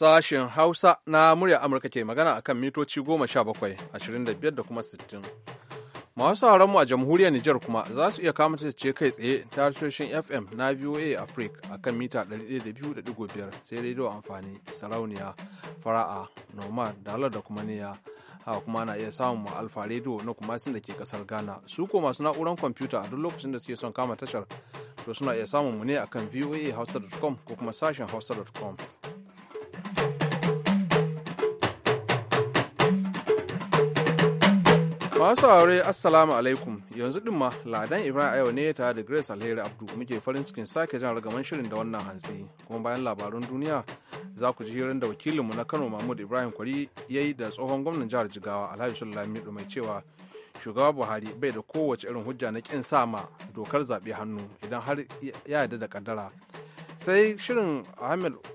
sashen Hausa na murya Amurka ke magana akan mitoci goma sha bakwai, ashirin da biyar da kuma sittin. Masu sauranmu a jamhuriyar Nijar kuma za su iya kama ce kai tsaye ta tashoshin FM na VOA Africa a kan mita 102.5 sai rediyo amfani sarauniya fara'a noma dalar da kuma niya haka kuma na iya samun alfa rediyo na kuma sun da ke kasar Ghana su ko masu na'uran kwamfuta a duk lokacin da suke son kama tashar to suna iya samun mu ne akan voahausa.com ko kuma sashen hausa.com. masu aure assalamu alaikum yanzu ɗin ma ladan ibrahim ayo ne tare da grace alheri abdu muke farin cikin sake jan ragaman shirin da wannan hantsi kuma bayan labarun duniya za ku ji hirar da wakilinmu na kano mahmud ibrahim kwari ya yi da tsohon gwamnan jihar jigawa alhaji sulami mai cewa shugaba buhari bai da kowace irin hujja na kin sama dokar zaɓe hannu idan har ya yarda da kaddara sai shirin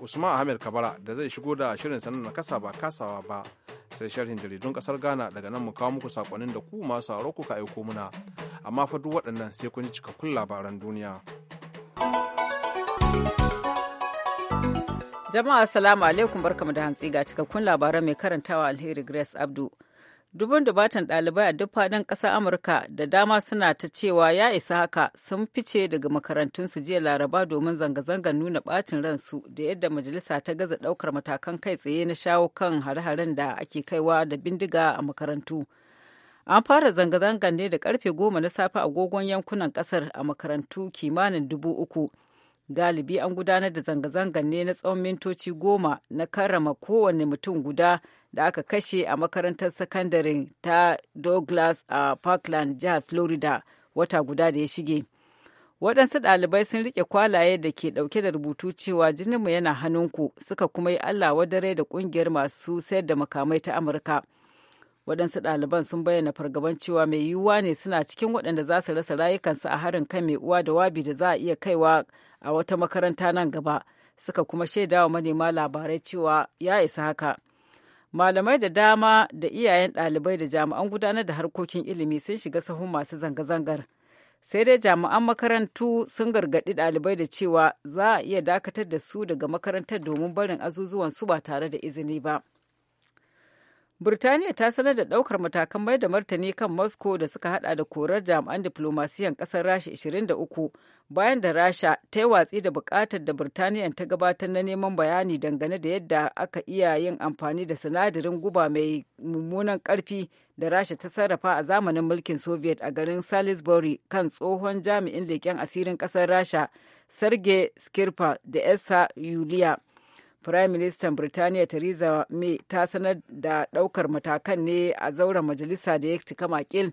usman ahmed kabara da zai shigo da shirin sanar na kasa ba kasawa ba sai sharhin jaridun kasar ghana daga nan mu kawo muku sakonnin da ku masu ku kuka aiko muna amma fa duk waɗannan sai kun ji cikakkun labaran duniya jama'a assalamu alaikum barkamu da hantsi ga cikakkun labaran mai karantawa alheri grace abdu dubun dubatan ɗalibai a duk faɗin ƙasar amurka da dama suna ta cewa ya isa haka sun fice daga makarantunsu jiya laraba domin zanga-zangar nuna ɓacin ransu da yadda majalisa ta gaza ɗaukar matakan kai tsaye na shawo kan hare-haren da ake kaiwa da bindiga a makarantu an fara zanga-zangar ne da karfe goma na safe agogon yankunan ƙasar a makarantu kimanin dubu uku galibi an gudanar da zanga zangan ne na tsawon mintoci goma na karrama kowane mutum guda da aka kashe a makarantar sakandare ta douglas a parkland jihar florida wata guda da ya shige waɗansu ɗalibai sun rike kwalaye da ke ɗauke da rubutu cewa jininmu yana hannunku suka kuma yi allah wadare da ƙungiyar masu sayar da makamai ta amurka waɗansu ɗaliban sun bayyana fargaban cewa mai yiwuwa ne suna cikin waɗanda za su rasa rayukansu a harin kan mai uwa da wabi da za a iya kaiwa a wata makaranta nan gaba suka kuma shaida wa manema labarai cewa ya isa haka malamai da dama da iyayen ɗalibai da jami'an gudanar da harkokin ilimi sun shiga sahun masu zanga-zangar sai dai jami'an makarantu sun gargaɗi ɗalibai da cewa za a iya dakatar da su daga makarantar domin barin azuzuwan su ba tare da izini ba. birtaniya ta sanar da ɗaukar matakan mai da martani kan Moscow da suka hada da korar jami'an diplomasiyan ƙasar Rasha 23 bayan da Rasha ta yi watsi da bukatar da birtaniya ta gabatar na neman bayani dangane da yadda aka iya yin amfani da sinadarin guba mai mummunan karfi da Rasha ta sarrafa a zamanin mulkin Soviet a garin Salisbury kan tsohon jami'in leƙen asirin ƙasar Rasha Sergei Skirpa da Esa Yulia. Firayim Ministan Birtaniya Theresa May ta sanar da ɗaukar matakan ne a zauren majalisa da ya cika makil.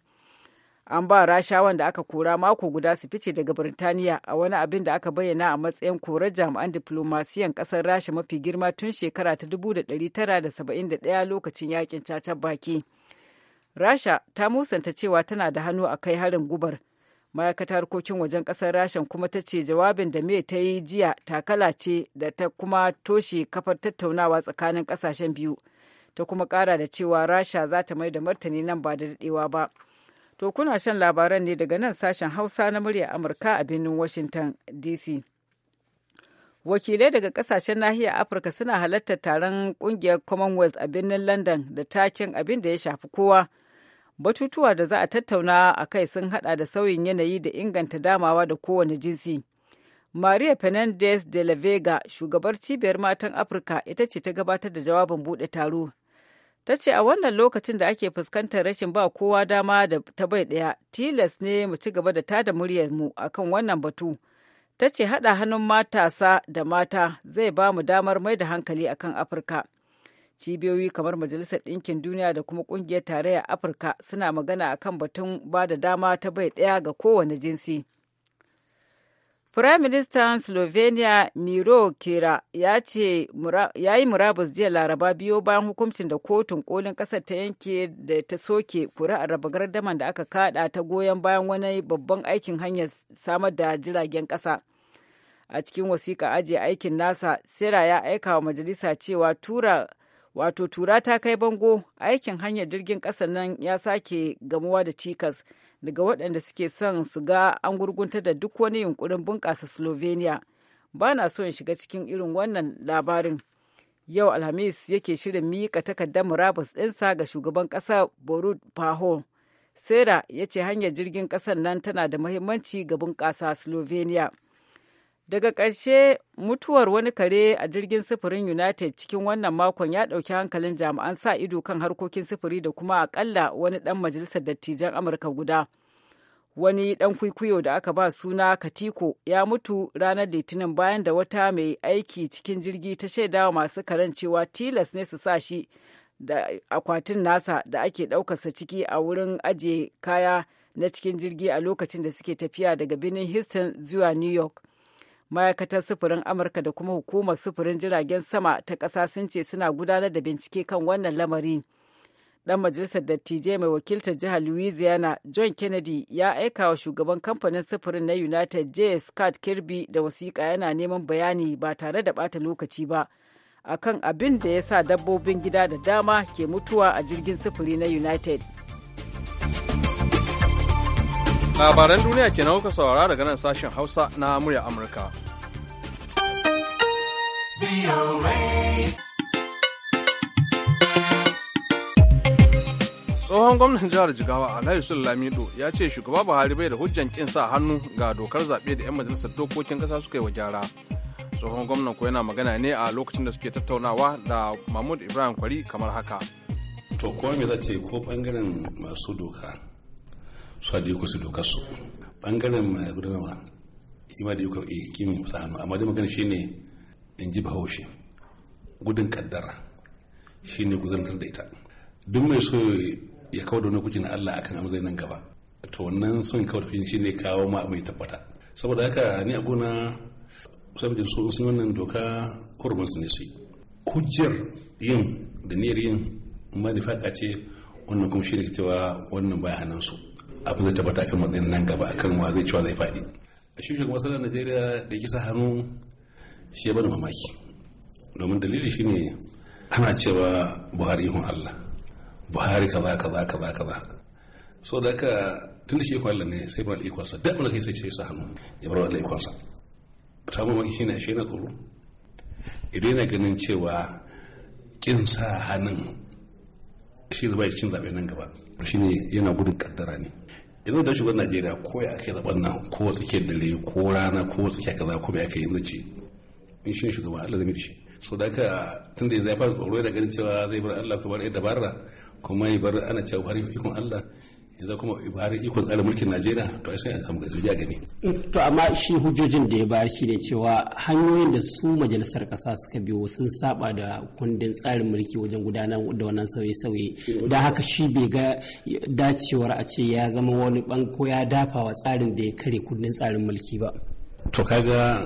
An ba Rasha wanda aka kora mako guda su fice daga Birtaniya a wani abin da aka bayyana a matsayin korar jami'an diplomasiyan ƙasar Rasha mafi girma tun shekara ta 1971 lokacin yakin cacar baki. Rasha ta musanta cewa tana da hannu a kai harin gubar. ma'aikatar harkokin wajen kasar rashin kuma ta ce jawabin da me ta yi jiya takala ce da ta kuma toshe kafar tattaunawa tsakanin kasashen biyu ta kuma kara da cewa rasha za ta mai da martani nan ba da daɗewa ba to kuna shan labaran ne daga nan sashen hausa na murya amurka a birnin washington dc wakilai daga kasashen nahiyar afirka suna halartar taron kungiyar commonwealth a birnin london da takin abin da ya shafi kowa Batutuwa da za a tattauna a kai sun hada da sauyin yanayi da inganta damawa da kowane jinsi. Maria Fernandez de la Vega, shugabar cibiyar matan Afirka, ita ce ta gabatar da jawabin buɗe taro. Ta ce a wannan lokacin da ake fuskantar rashin ba kowa dama da ta bai ɗaya, tilas ne mu ci gaba da tada mu akan wannan batu. Ta ce haɗa hannun matasa da mata zai ba mu damar mai da hankali akan Afirka. cibiyoyi kamar majalisar ɗinkin duniya da kuma ƙungiyar tarayya afirka suna magana a kan batun ba da dama ta bai ɗaya ga kowane jinsi Firaministan Slovenia Miro Kera ya ce ya yi murabus jiya laraba biyo bayan hukuncin da kotun kolin ƙasar ta yanke da ta soke kuri'ar raba gardaman da aka kada ta goyon bayan wani babban aikin hanyar samar da jiragen ƙasa. A cikin wasiƙa ajiye aikin nasa, Sera ya aika wa majalisa cewa tura wato tura ta kai bango aikin hanyar jirgin ƙasa nan ya sake gamuwa da cikas daga waɗanda suke son su ga an gurgunta da duk wani yunkurin bunƙasa slovenia ba na so in shiga cikin irin wannan labarin yau alhamis yake shirin miƙa takardar murabus ɗinsa ga shugaban ƙasa borut pahol sera ya ce hanyar jirgin ƙasar nan tana da mahimmanci ga bunƙasa slovenia daga ƙarshe mutuwar wani kare a jirgin sufurin united cikin wannan makon ya ɗauki hankalin jami'an sa ido kan harkokin sufuri da kuma akalla wani ɗan majalisar dattijan amurka guda wani ɗan kwikwiyo da aka ba suna katiko ya mutu ranar litinin bayan da wata mai aiki cikin jirgi ta shaida shaidawa masu karen cewa tilas ne su sa shi da akwatin nasa da ake ɗaukarsa ciki a wurin ajiye kaya na cikin jirgi a lokacin da suke tafiya daga birnin houston zuwa new york ma'aikatar sufurin amurka da kuma hukumar sufurin jiragen sama ta ƙasa sun ce suna gudanar da bincike kan wannan lamari dan majalisar dattijai mai wakiltar jihar louisiana john kennedy ya aika wa shugaban kamfanin sufurin na united j scott kirby da wasiƙa yana neman bayani ba tare da ɓata lokaci ba akan abin da ya sa dabbobin gida da dama ke mutuwa a jirgin sufuri na united labaran duniya ke kuka saurara daga nan sashen hausa na murya amurka tsohon gwamnan jihar jigawa alhaji sulamido ya ce shugaba buhari bai da hujjan kin sa hannu ga dokar zaɓe da 'yan majalisar dokokin ƙasa suka yi wa gyara tsohon gwamnan ko yana magana ne a lokacin da suke tattaunawa da mahmud ibrahim kwari kamar haka to kuma me za ko bangaren masu doka su haɗe ku su dokar su ɓangaren gudanarwa ima da yuka kimin sa hannu amma dai magana shine in ji bahaushe gudun kaddara shine gudanar da ita duk mai so ya kawo da wani kuci na Allah akan amzai nan gaba to wannan son kawo da shine kawo ma mai tabbata saboda haka ni a gona kusan da sun yi wannan doka kurban su ne su hujjar yin da niyyar yin ma da faɗa ce wannan kuma shi ne cewa wannan baya hannun su abin da tabbata kan matsayin nan gaba akan wa zai ciwa zai faɗi a shushe kuma sanar najeriya da kisa hannu shi ya bani mamaki domin dalili shine ana cewa buhari ihun allah buhari kaza kaza kaza kaza so da ka tun da shi ikon allah ne sai bar ikonsa da abin da kai sai shi sa hannu ya bar wannan ikonsa ta mamaki shine shi na tsoro idan yana ganin cewa kin sa hannun shi zaba cikin zaɓe nan gaba ne yana gudun kaddara ne idan da shugaban najeriya ko ya aka yi zaɓen nan ko tsakiyar dare ko rana ko tsakiyar kaza ko mai aka yi zace in shi shugaban allah zai shi so da haka tun da ya fara tsoro da ganin cewa zai bar allah bar ya dabara kuma ya bar ana cewa har ikon allah yanzu kuma ibarin ikon tsarin mulkin najeriya to a sai an samu gaskiya gani to amma shi hujjojin da ya bayar shi ne cewa hanyoyin da su majalisar kasa suka biyo sun saba da kundin tsarin mulki wajen gudanar da wannan sauye-sauye da haka shi bai ga dacewar a ce ya zama wani banko ya dafa wa tsarin da ya kare kundin tsarin mulki ba to kaga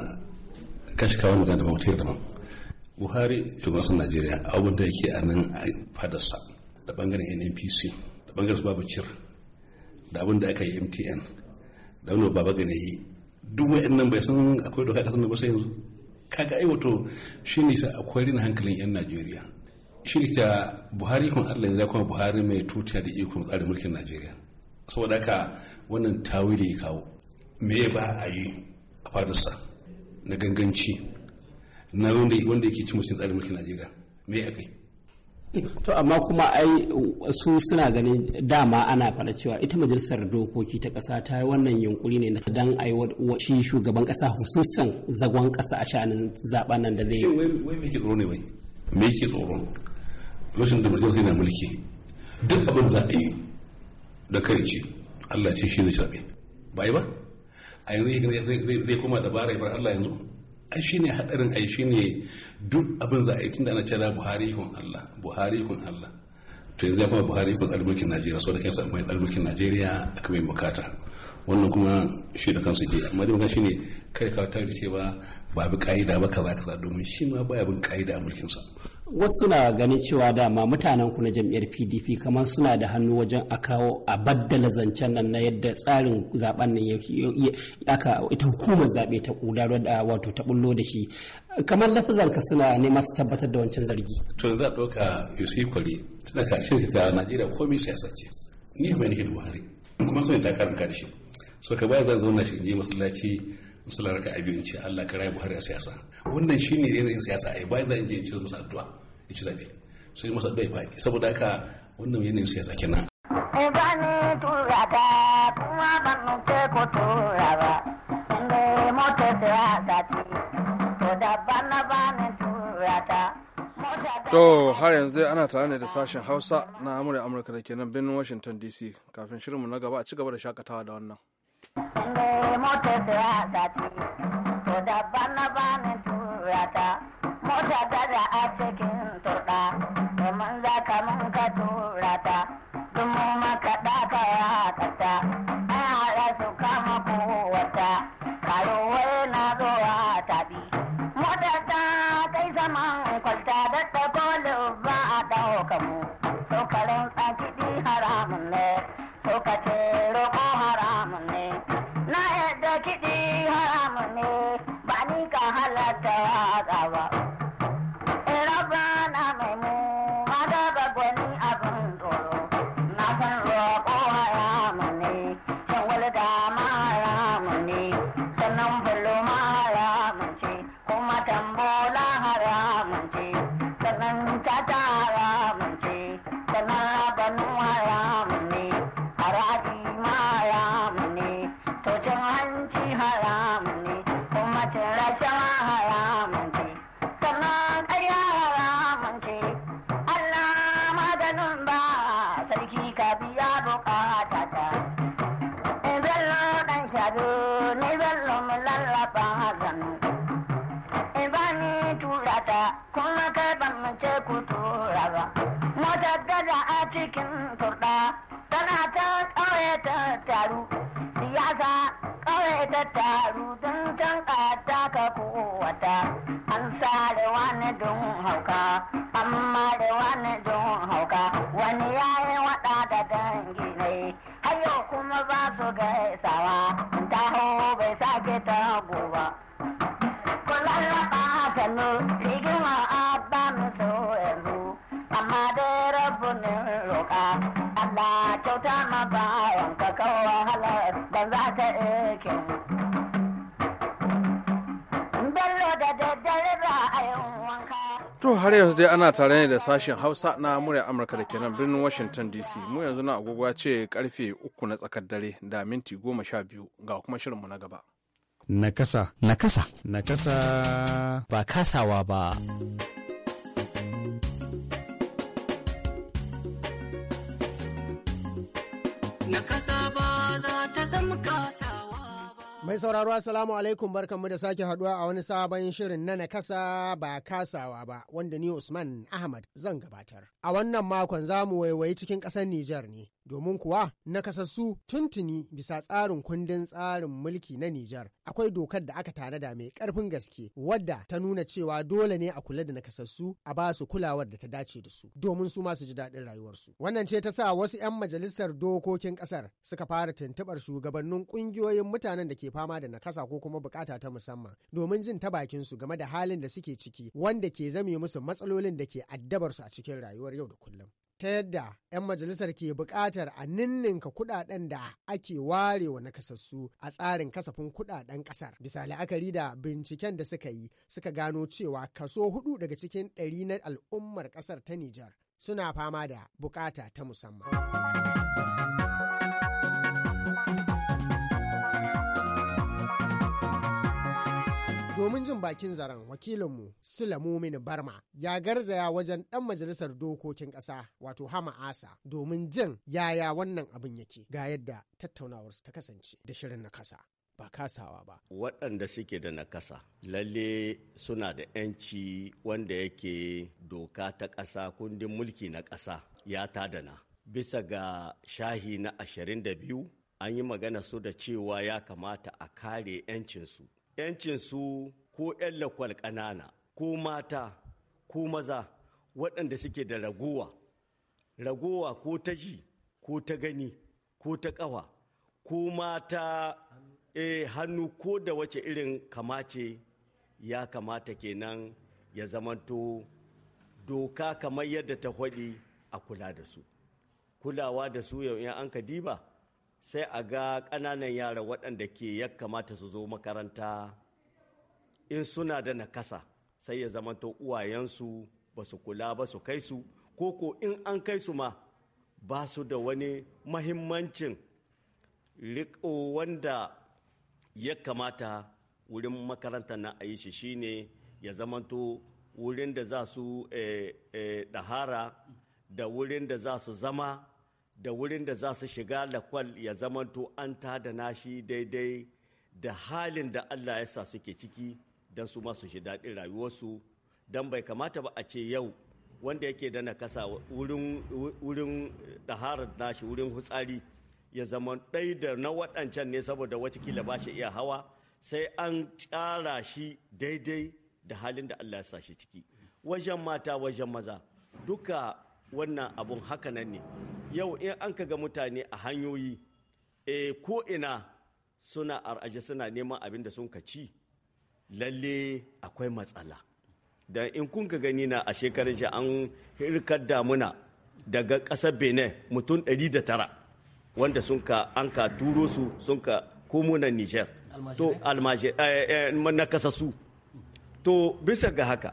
kashi kawai magana ba mutum da buhari shugaban najeriya abin da yake a nan a fadarsa da bangaren nnpc da bangaren babu cir da abin da aka yi mtn da wani baba gane yi duk nan bai san akwai doka kasar da ba sai yanzu kaga ai wato shi ne sa akwai rina hankalin yan najeriya shi ne ta buhari kun allah yanzu kuma buhari mai tutiya da ikon tsarin mulkin najeriya saboda haka wannan tawili ya kawo me ba a yi a fadarsa na ganganci na wanda yake cin mutum tsarin mulkin najeriya me ya kai to amma kuma ai su suna ganin dama ana faɗa cewa ita majalisar dokoki ta ƙasa ta yi wannan yunkuri ne dan ai shi shugaban ƙasa hususan zagon ƙasa a shanin zaben nan da zai yi wai me ke tsoro ne wai me yake tsoro rashin da majalisar yana mulki duk abin za a yi da kai ce Allah ce shi ne shabe ba yi ba a yanzu zai koma dabara ya bar Allah yanzu ai ne hadarin ai ne duk abin za a yi tunda ana cewa Buhari kun Allah Buhari kun Allah to yanzu ya ba Buhari kun almulkin Najeriya so da kansa amma almulkin Najeriya aka bai bukata wannan kuma shi da kansa ke amma dai ne kai ka ta ce ba ba bi kaida ba kaza kaza domin shi ma baya bin kaida a mulkin sa wasu na ganin cewa dama mutanen ku na jam'iyyar pdp kamar suna da hannu wajen a kawo a baddala zancen nan na yadda tsarin zaben nan aka ita hukumar zaɓe ta kudar da wato ta bullo da shi kamar lafizan ka suna neman su tabbatar da wancan zargi to za ɗauka yusuf kwari tana ka shi ta najeriya komai siyasa ce ni mai nake buhari kuma sun ta karanta da shi so ka baya zan zauna shi in je masallaci sallar raka a biyu in ce Allah ka raya Buhari a siyasa wannan shine yanayin siyasa ai bai zan je in ce masa addu'a ya ci zabe sai masa addu'a ya faɗi saboda haka wannan yanayin siyasa kenan e ba ni tura ta kuma ban ce ko tura ba inda mota siyasa ce to da ban ba ni tura ta To har yanzu dai ana tare ne da sashen Hausa na Amurka da ke nan birnin Washington DC kafin shirinmu na gaba a ci gaba da shakatawa da wannan. ne mota sai ta ce to da bana bani turata ta mota ta da a cikin turɗa za ka mun ka tura ta dumu maka ɗaka ya kata kai yau kuma ba su ga gaisawa har yanzu dai ana tare ne da sashen Hausa na murya Amurka da ke nan birnin Washington DC. Mu yanzu na agogwa ce karfe uku na tsakar dare da minti goma sha biyu ga kuma shirinmu na gaba. Nakasa. Nakasa. Nakasa. Ba kasawa ba. Nakasa. Mai sauraro Assalamu alaikum barkanmu da sake haduwa a wani sabon shirin na nakasa ba kasawa ba wanda ni Usman Ahmad zan gabatar. A wannan makon za mu waiwayi cikin ƙasar Nijar ne domin kuwa nakasassu tuntuni bisa tsarin kundin tsarin mulki na Nijar akwai dokar da aka tanada mai karfin gaske wadda ta nuna cewa dole ne a kula da nakasassu a ba su kulawar da ta dace da su domin su masu ji daɗin rayuwarsu. Wannan ce ta sa wasu 'yan majalisar dokokin ƙasar suka fara tuntuɓar shugabannin ƙungiyoyin mutanen da ke fama da nakasa ko kuma bukata ta musamman domin jin ta bakin su game da halin da suke ciki wanda ke zame musu matsalolin da ke addabar su a cikin rayuwar yau da kullum. ta yadda 'yan majalisar ke buƙatar a ninninka kuɗaɗen da ake ware wa nakasassu a tsarin kasafin kuɗaɗen ƙasar. Bisa la'akari da binciken da suka yi suka gano cewa kaso hudu daga cikin ɗari na al'ummar ƙasar ta Nijar suna fama da bukata ta musamman. Domin jin bakin zaren wakilinmu Sula Mumini Barma ya garzaya wajen ɗan majalisar dokokin ƙasa wato Hama Asa domin jin yaya wannan abin yake ga yadda tattaunawar ta kasance da shirin na kasa. Ba kasawa ba. Waɗanda suke da nakasa lalle suna da 'yanci wanda yake doka ta ƙasa kundin mulki na ƙasa ya tadana. Bisa ga shahi na 22 an yi magana su da cewa ya kamata a kare 'yancinsu su ko 'yan lakwal ƙanana ko mata ko maza waɗanda suke da ragowa ragowa ko ta ji ko ta gani ko ta ƙawa ko mata e, hannu ko da wace irin kamace ya kamata kenan ya zamanto doka kamar yadda ta hwaɗi a kula da su kulawa da su yau in an ka diba sai a ga ƙananan yara waɗanda ke ya kamata su zo makaranta in suna da nakasa sai ya zamanto uwayensu ba su kula ba su kai su ko ko in an kai su ma ba su da wani mahimmancin riƙo wanda ya kamata wurin makaranta na a yi shi shine ya zamanto wurin da za su eh, eh, ɗahara da wurin da za su zama da wurin da za su shiga lakwal ya zamanto an ta da nashi daidai da halin da Allah ya sa suke ciki don su masu shi daɗin rayuwarsu don bai kamata ba a ce yau wanda yake da nakasa wurin ɗaharar nashi wurin hutsari ya zama ɗai da na waɗancan ne saboda watakila ba shi iya hawa sai an tsara shi daidai da halin da Allah ya sa shi ciki wajen mata wajen maza duka wannan abun haka nan ne yau in an ka ga mutane a hanyoyi e ko ina suna ar'aje suna neman abin da sun ci lalle akwai matsala da in kun ka gani na a shekarun shi an hirkar damuna daga ƙasar benin mutum 109 wanda sun ka an ka turo su sun ka komo na niger to eh, eh, na kasasu to bisa ga haka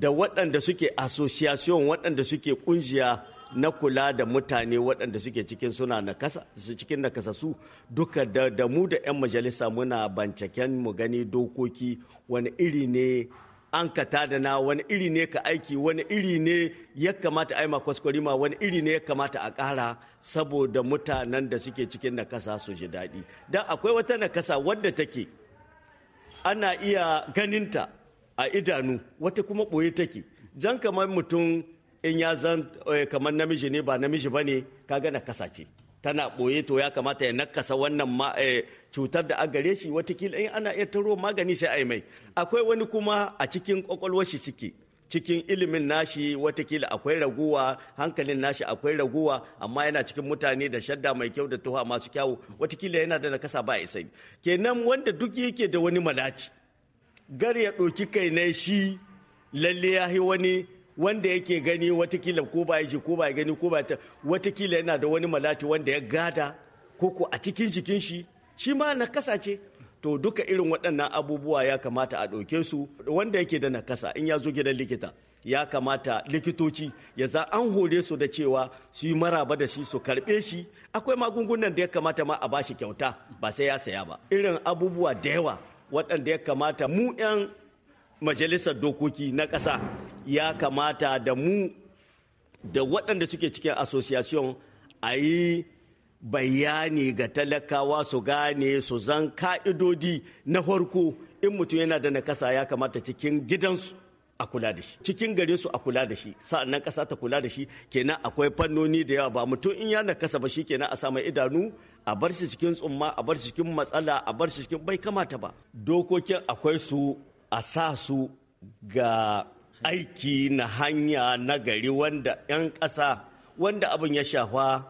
da waɗanda suke asosiyasiyon waɗanda suke kungiya na kula da mutane waɗanda suke cikin suna na kasa su cikin su duka da, mu da 'yan majalisa muna bancaken mu gani dokoki wani iri ne an ka tada na wani iri ne ka aiki wani iri ne ya kamata a yi kwaskwarima wani iri ne ya kamata a ƙara saboda mutanen da suke cikin nakasa su ji daɗi don akwai wata nakasa wadda take ana iya ganinta a idanu wata kuma ɓoye take jan kamar mutum in ya zan eh, kamar namiji ne ba namiji ba ne kaga na kasa ce tana ɓoye to ya kamata ya nakasa wannan eh, cutar da a shi watakila in ana iya taro magani sai a yi mai akwai wani kuma a cikin ƙwaƙwalwar shi ciki cikin ilimin nashi watakila akwai raguwa hankalin nashi akwai raguwa amma yana cikin mutane da shadda mai kyau da tuha masu kyawu watakila yana da nakasa ba a isa kenan wanda duk yake da wani malaci gar ya ɗauki kai na shi lalle ya yi wani wanda yake gani watakila ko ba shi ko ba gani ko ba ta watakila yana da wani malati wanda ya gada ko ko a cikin jikin shi shi ma na nakasa ce to duka irin waɗannan abubuwa ya kamata a ɗauke su wanda yake da nakasa in ya zo gidan likita ya kamata likitoci ya za an hore su da cewa su yi maraba da shi su karɓe shi akwai magungunan da ya kamata ma a bashi kyauta ba sai ya saya ba irin abubuwa da yawa waɗanda ya kamata mu 'yan majalisar dokoki na ƙasa ya kamata da mu da waɗanda suke cikin association a yi bayani ga talakawa su gane su zan ka'idodi na farko in mutum yana da na ƙasa ya kamata cikin gidansu a kula da shi cikin gare su a kula da shi sa'annan ƙasa ta kula da shi kenan akwai fannoni da yawa ba mutum in ya nakasa ba shi kenan a samu idanu a bar shi cikin tsumma a bar shi cikin matsala a bar shi cikin bai kamata ba dokokin akwai su a sa su ga aiki na hanya na gari wanda 'yan ƙasa wanda abin ya shafa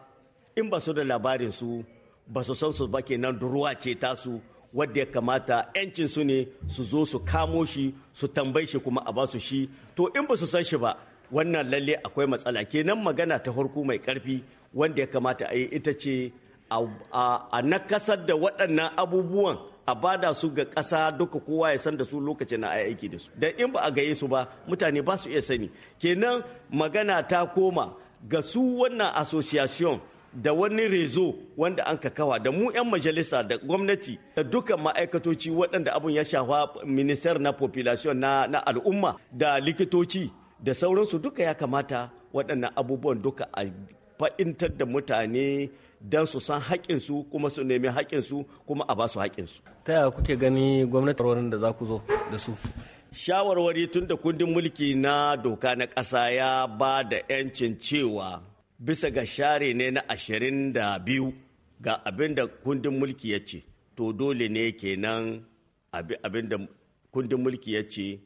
in ba su da labarin su ba su san su ba kenan ruwa ce ta su. wadda ya kamata 'yancin su ne su zo su kamo shi su tambayi shi kuma a basu shi to in ba su san shi ba wannan lalle akwai matsala kenan magana ta farko mai karfi wanda ya kamata a yi ita ce a nakasar da waɗannan abubuwan a bada su ga ƙasa duka kowa ya san da su lokacin na aiki da su da in ba a gaye su ba mutane ba su iya sani kenan magana ta koma ga su wannan association da wani rezo wanda an ka kawa da mu 'yan majalisa da gwamnati da duka ma'aikatoci waɗanda abun ya shafa minister na population na, na al'umma da likitoci da sauransu duka ya kamata waɗannan abubuwan duka a fa'intar da mutane don su san haƙinsu kuma su nemi haƙinsu kuma a ba su haƙinsu. ta yaya kuke gani gwamnati da za ku zo da su shawarwari tun da kundin mulki na doka na ƙasa ya ba da 'yancin cewa bisa ga share ne na ashirin da biyu ga abin da kundin mulki ya ce to dole ne kenan abin da kundin mulki ya ce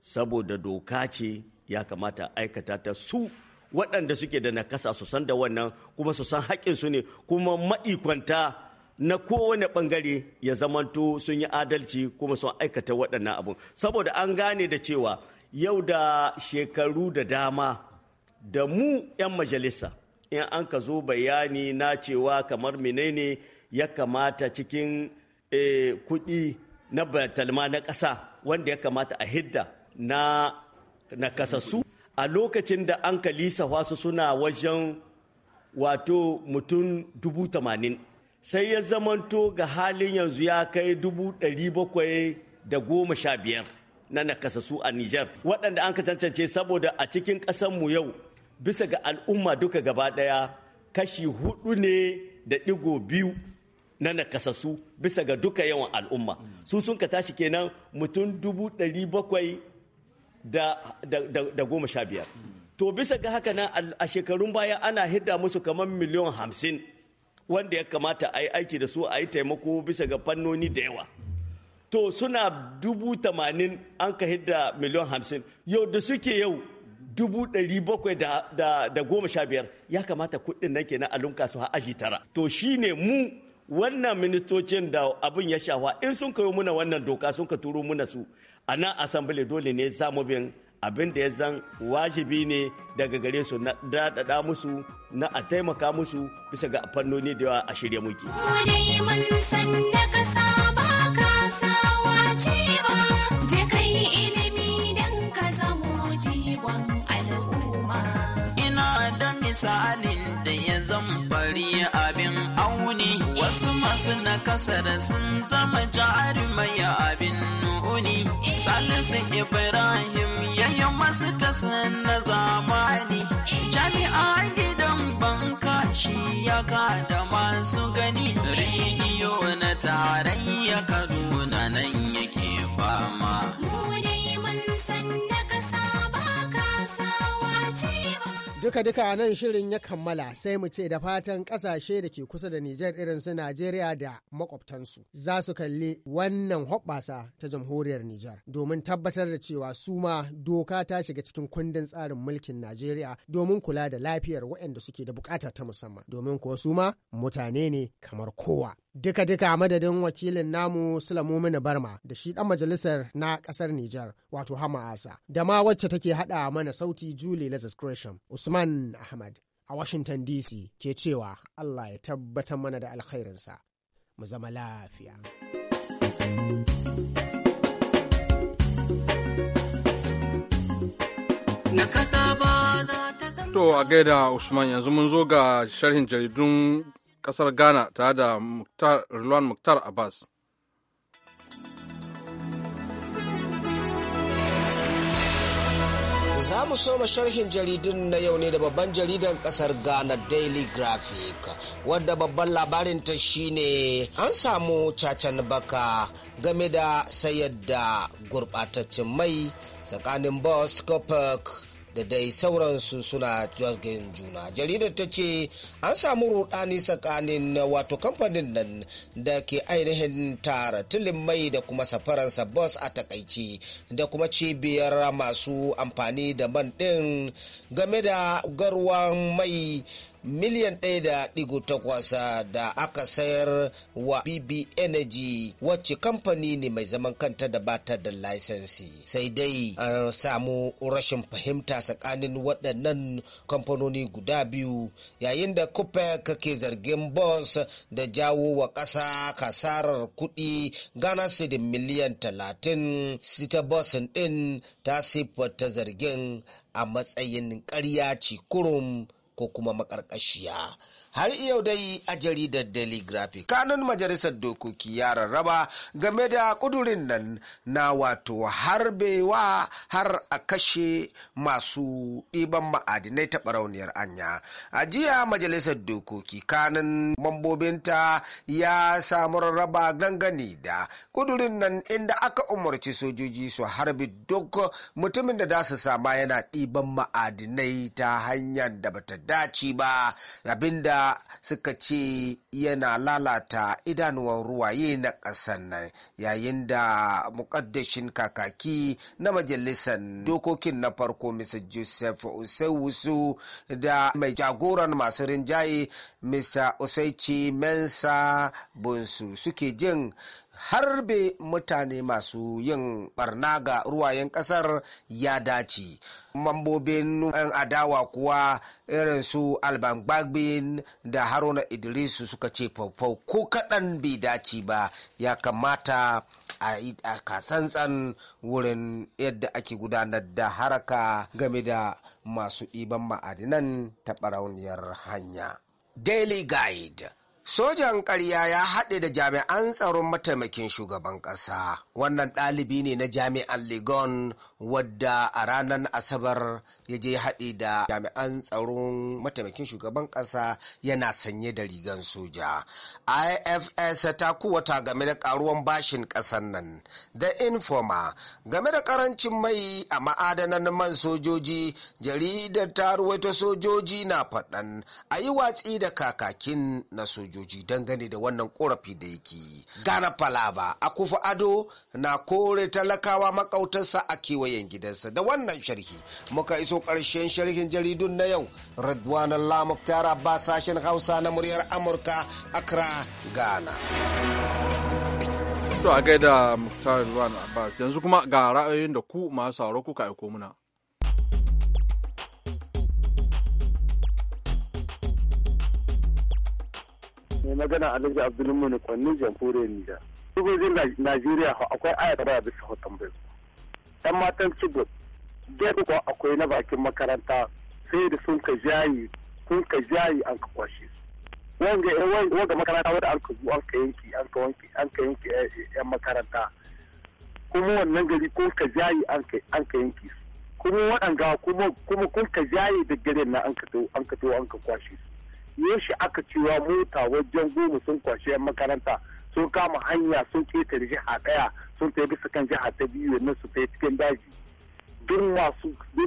saboda doka ce ya kamata aikata ta su waɗanda suke da nakasa su san da wannan kuma su san haƙƙinsu ne kuma ma'ikwanta na kowane ɓangare ya zamanto sun yi adalci kuma sun aikata waɗannan abu. saboda an gane da cewa yau da shekaru da dama da mu 'yan majalisa in an ka zo bayani na cewa kamar menene ya kamata cikin e, kuɗi na batalma na ƙasa wanda ya kamata a hidda na nakasassu a lokacin da an ka lisa wasu suna wajen wato mutum dubu tamanin sai ya zamanto ga halin yanzu ya kai dubu ɗari bakwai da goma sha biyar na nakasassu a Nijar waɗanda an ka cancance saboda a cikin ƙasanmu yau bisa ga al'umma duka gaba ɗaya kashi hudu ne da ɗigo biyu na nakasassu bisa ga duka yawan al'umma su sun ka tashi kenan mutum dubu ɗari bakwai da goma sha biyar to bisa ga haka nan a shekarun baya ana hidda musu kamar miliyan hamsin wanda ya kamata a yi aiki da su a yi taimako bisa ga fannoni da yawa to suna dubu tamanin an ka hidda miliyan hamsin yau da suke yau dubu ɗari bakwai da goma sha biyar ya kamata kuɗin nan kenan a lunka su aji tara to shine mu wannan ministocin da abin ya shafa in sun kawo muna wannan doka sun ka turo muna su a nan asambile dole ne mu bin abin da ya zan wajibi ne daga gare su na daɗaɗa musu na a taimaka musu bisa ga fannoni da yawa a shirya muke. mun san ba ka ce ba. misalin da ya bari abin auni wasu masu kasar sun zama jarumai abin nuni salisu ibrahim ya yi masu tasan na zamani jami'a gidan banka shi ya da masu gani rediyo na tarayya kaduna nan Duka-duka nan shirin ya kammala sai mu ce da fatan ƙasashe da ke kusa da Nijar irin su Najeriya da makwabtansu za su kalli wannan hoɓɓasa ta jamhuriyar Nijar domin tabbatar da cewa su ma doka ta shiga cikin kundin tsarin mulkin Najeriya domin kula da lafiyar waɗanda suke da bukata ta musamman domin kuwa su ma mutane ne kamar kowa. Duka-duka madadin wakilin namu sulamumina Barma da shi ɗan majalisar na ƙasar Nijar wato Hama Asa da ma wacce take haɗa mana sauti Julie Lazarus Gresham Usman Usman Ahmad a Washington DC ke cewa Allah ya tabbatar mana da alkhairinsa. Mu zama lafiya. To a gaida Usman yanzu mun zo ga sharhin jaridun kasar Ghana tare da Muktar a Abbas. mu soma sharhin jaridun na yau ne da babban jaridan kasar Ghana Daily Graphic wadda babban ta shine an samu cacan baka game da sayar da gurɓataccen mai tsakanin boss Kopak da dai sauransu suna jirgin juna jaridar ta ce an samu rudani tsakanin wato kamfanin nan da ke ainihin tara tilin mai da kuma safaransa bus a takaici da kuma cibiyar masu amfani da man din game da garwan mai miliyan ɗaya da ɗigo takwas ah, da aka sayar wa bb energy wacce kamfani ne mai zaman kanta da bata da laisensi sai dai an samu rashin fahimta tsakanin waɗannan kamfanoni guda biyu yayin da kupec ke zargin bons da jawo wa ƙasa kasarar kuɗi Gana sidin miliyan talatin sita bosin ɗin ta siffata zargin a matsayin karya ci kurum ko kuma maƙarƙashiya har yau dai a jaridar daily graphic kanun majalisar dokoki ya rarraba game da kudurin nan na wato harbewa har a kashe masu ɗiban ma'adinai ta barauniyar anya a jiya majalisar dokoki kanun mambobinta ya samu rarraba gangane da kudurin nan inda aka umarci sojoji su harbi duk mutumin da za su sama yana ɗiban ma'adinai ta hanyar da bata dace ba abinda suka ce yana lalata idanuwan ruwaye na ƙasar nan yayin da muƙaddashin kakaki na majalisar dokokin na farko mr joseph usewusu da mai jagoran masu rinjaye mr osaichi mensa bunsu suke jin harbe mutane masu yin barna ga ruwayen kasar ya dace mambobin yan adawa kuwa irin su alban gbagbin da haruna idrisu suka ce faufau ko kaɗan bai dace ba ya kamata a kasantsan wurin yadda ake gudanar da haraka game da masu ɗiban ma'adinan ta barauniyar hanya daily guide Sojan Karya ya haɗe da jami'an tsaron mataimakin shugaban ƙasa. Wannan ɗalibi ne na jami'an Legon wadda a ranar Asabar ya je haɗe da jami'an tsaron mataimakin shugaban ƙasa yana sanye da rigan soja. IFS ta kuwata game da ƙaruwan bashin ƙasar nan. Da Informa game da ƙarancin mai a ma'adanan man sojoji, jaridar ta sojoji na faɗan a yi watsi da kakakin na sojoji. sojoji dangane da wannan korafi da yake gana falaba akufa ado na kore talakawa makautarsa a kewayen gidansa da wannan sharhi muka iso ƙarshen sharhin jaridun na yau radwan lamuk tara ba sashen hausa na muryar amurka accra ghana to a gaida muktar ruwan abbas yanzu kuma ga ra'ayoyin da ku masu sauraro kuka aiko muna mai magana alhaji abdulmuni kwannin jamhuriyar nijar sojojin najeriya akwai aya da bisa hoton bai yan matan chibok gefe kuwa akwai na bakin makaranta sai da sun ka jayi sun ka jayi an ka kwashe wanga wanga makaranta wadda an ka zuwa an ka yanki an ka wanki an ka yanki eh, eh, yan makaranta kuma wannan gari kun ka jayi an ka yanki su kuma waɗanga kuma kun ka jayi da garin na an ka to an ka kwashe su yaushe aka cewa mota wajen goma sun kwashe yan makaranta sun kama hanya sun ketare jiha daya sun tafi bisa kan jiha ta biyu na su tafi cikin daji duk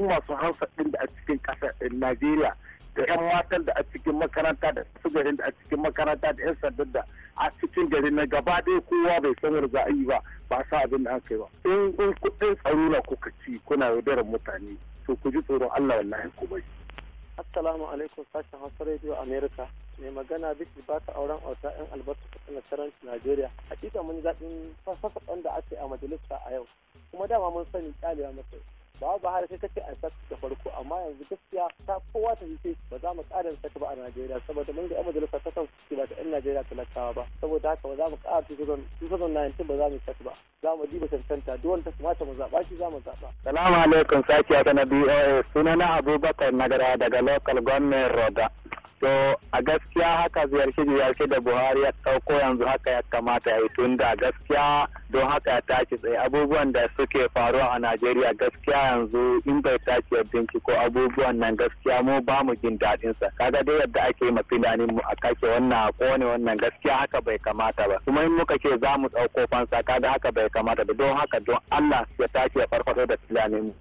masu hausa da a cikin kasar eh, Najeriya da yan matan da a cikin makaranta da su garin da a cikin makaranta da yan sandan da a cikin garin na gaba dai kowa bai san wanda a yi ba ba sa abin da aka yi ba in kun kudin tsaro na kuka ci kuna yaudarar mutane to ku ji tsoron Allah wallahi ku bai Assalamu alaikum sashen Hausa Radio America. Mai magana biki ba ta auren auta 'yan albarka ta nasarar Najeriya. Hakika mun zaɓin ɗan da ake a majalisa a yau. Kuma dama mun sani kyalewa masai. ba ba har sai kace a saka da farko amma yanzu gaskiya ta kowa ta ce ba za mu ƙara saka ba a Najeriya saboda mun ga yan majalisa ta kan su ba ta yan Najeriya talakawa ba saboda haka ba za mu ƙara 2019 ba za mu saka ba za mu diba tantanta duk wanda ta kamata mu zaɓa shi za mu zaɓa. Salamu alaikum sake ga na BOA sunana Abubakar Nagara daga local government Roda. To a gaskiya haka ziyarce ziyarce da Buhari ya ɗauko yanzu haka ya kamata ya yi tun da gaskiya don haka ya tashi tsaye abubuwan da suke faruwa a Najeriya gaskiya yanzu in bai a binci ko abubuwan nan gaskiya mu ba mu jin daɗin sa kaga dai yadda ake ma filani mu a kake wannan a kone wannan gaskiya haka bai kamata ba kuma in muka ce za mu ɗauko fansa kaga haka bai kamata ba don haka don Allah ya tashi ya farfaɗo da filanin mu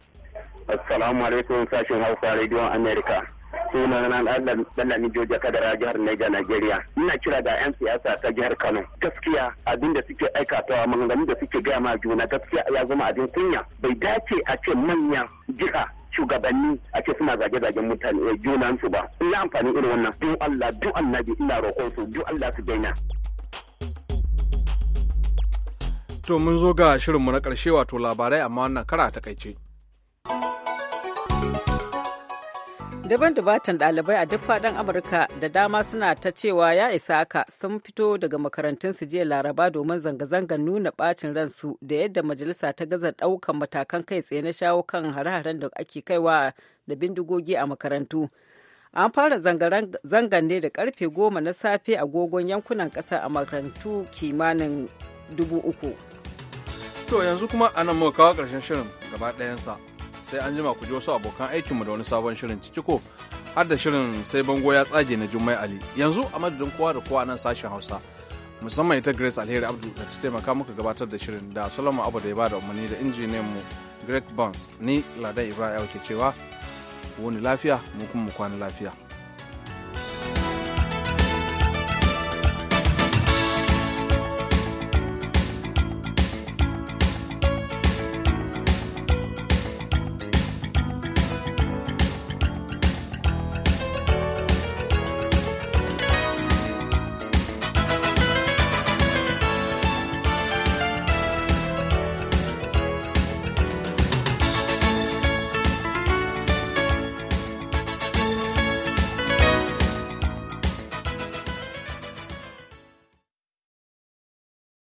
assalamu alaikum sashen hausa rediyon america suna na dallami joja kadara jihar Niger Nigeria ina kira da yan siyasa ta jihar Kano gaskiya abin da suke aikatawa maganganun da suke gaya ma juna gaskiya ya zama abin kunya bai dace a ce manya jiha shugabanni a ce suna zage-zagen mutane eh, su ba ina amfani irin wannan du Allah Allah annabi ina roƙon su du Allah su daina to mun zo ga mu na ƙarshe wato labarai amma wannan kara takaice. daban dibatan dalibai a duk faɗin amurka da dama suna ta cewa ya isa aka sun fito daga makarantunsu jiya laraba domin zanga-zangar nuna ɓacin ransu da yadda majalisa ta gaza ɗaukan matakan kai tsaye na shawo kan hare-haren da ake kaiwa da bindigogi a makarantu an fara zangan ne da karfe goma na safe agogon yankunan ƙasa a makarantu kimanin dubu uku to yanzu kuma anan kawo ƙarshen shirin gaba ɗayansa sai an jima ku ji wasu abokan aikinmu da wani sabon shirin ciciko har da shirin sai bango ya tsage na jummai ali yanzu a madadin kowa da kowa nan sashen hausa musamman ita grace alheri abdul da ta taimaka muka gabatar da shirin da solomon abu da ya bada umarni da injiniyan mu greg burns ni ladan ibrahim ke cewa wani lafiya mu kuma mu kwana lafiya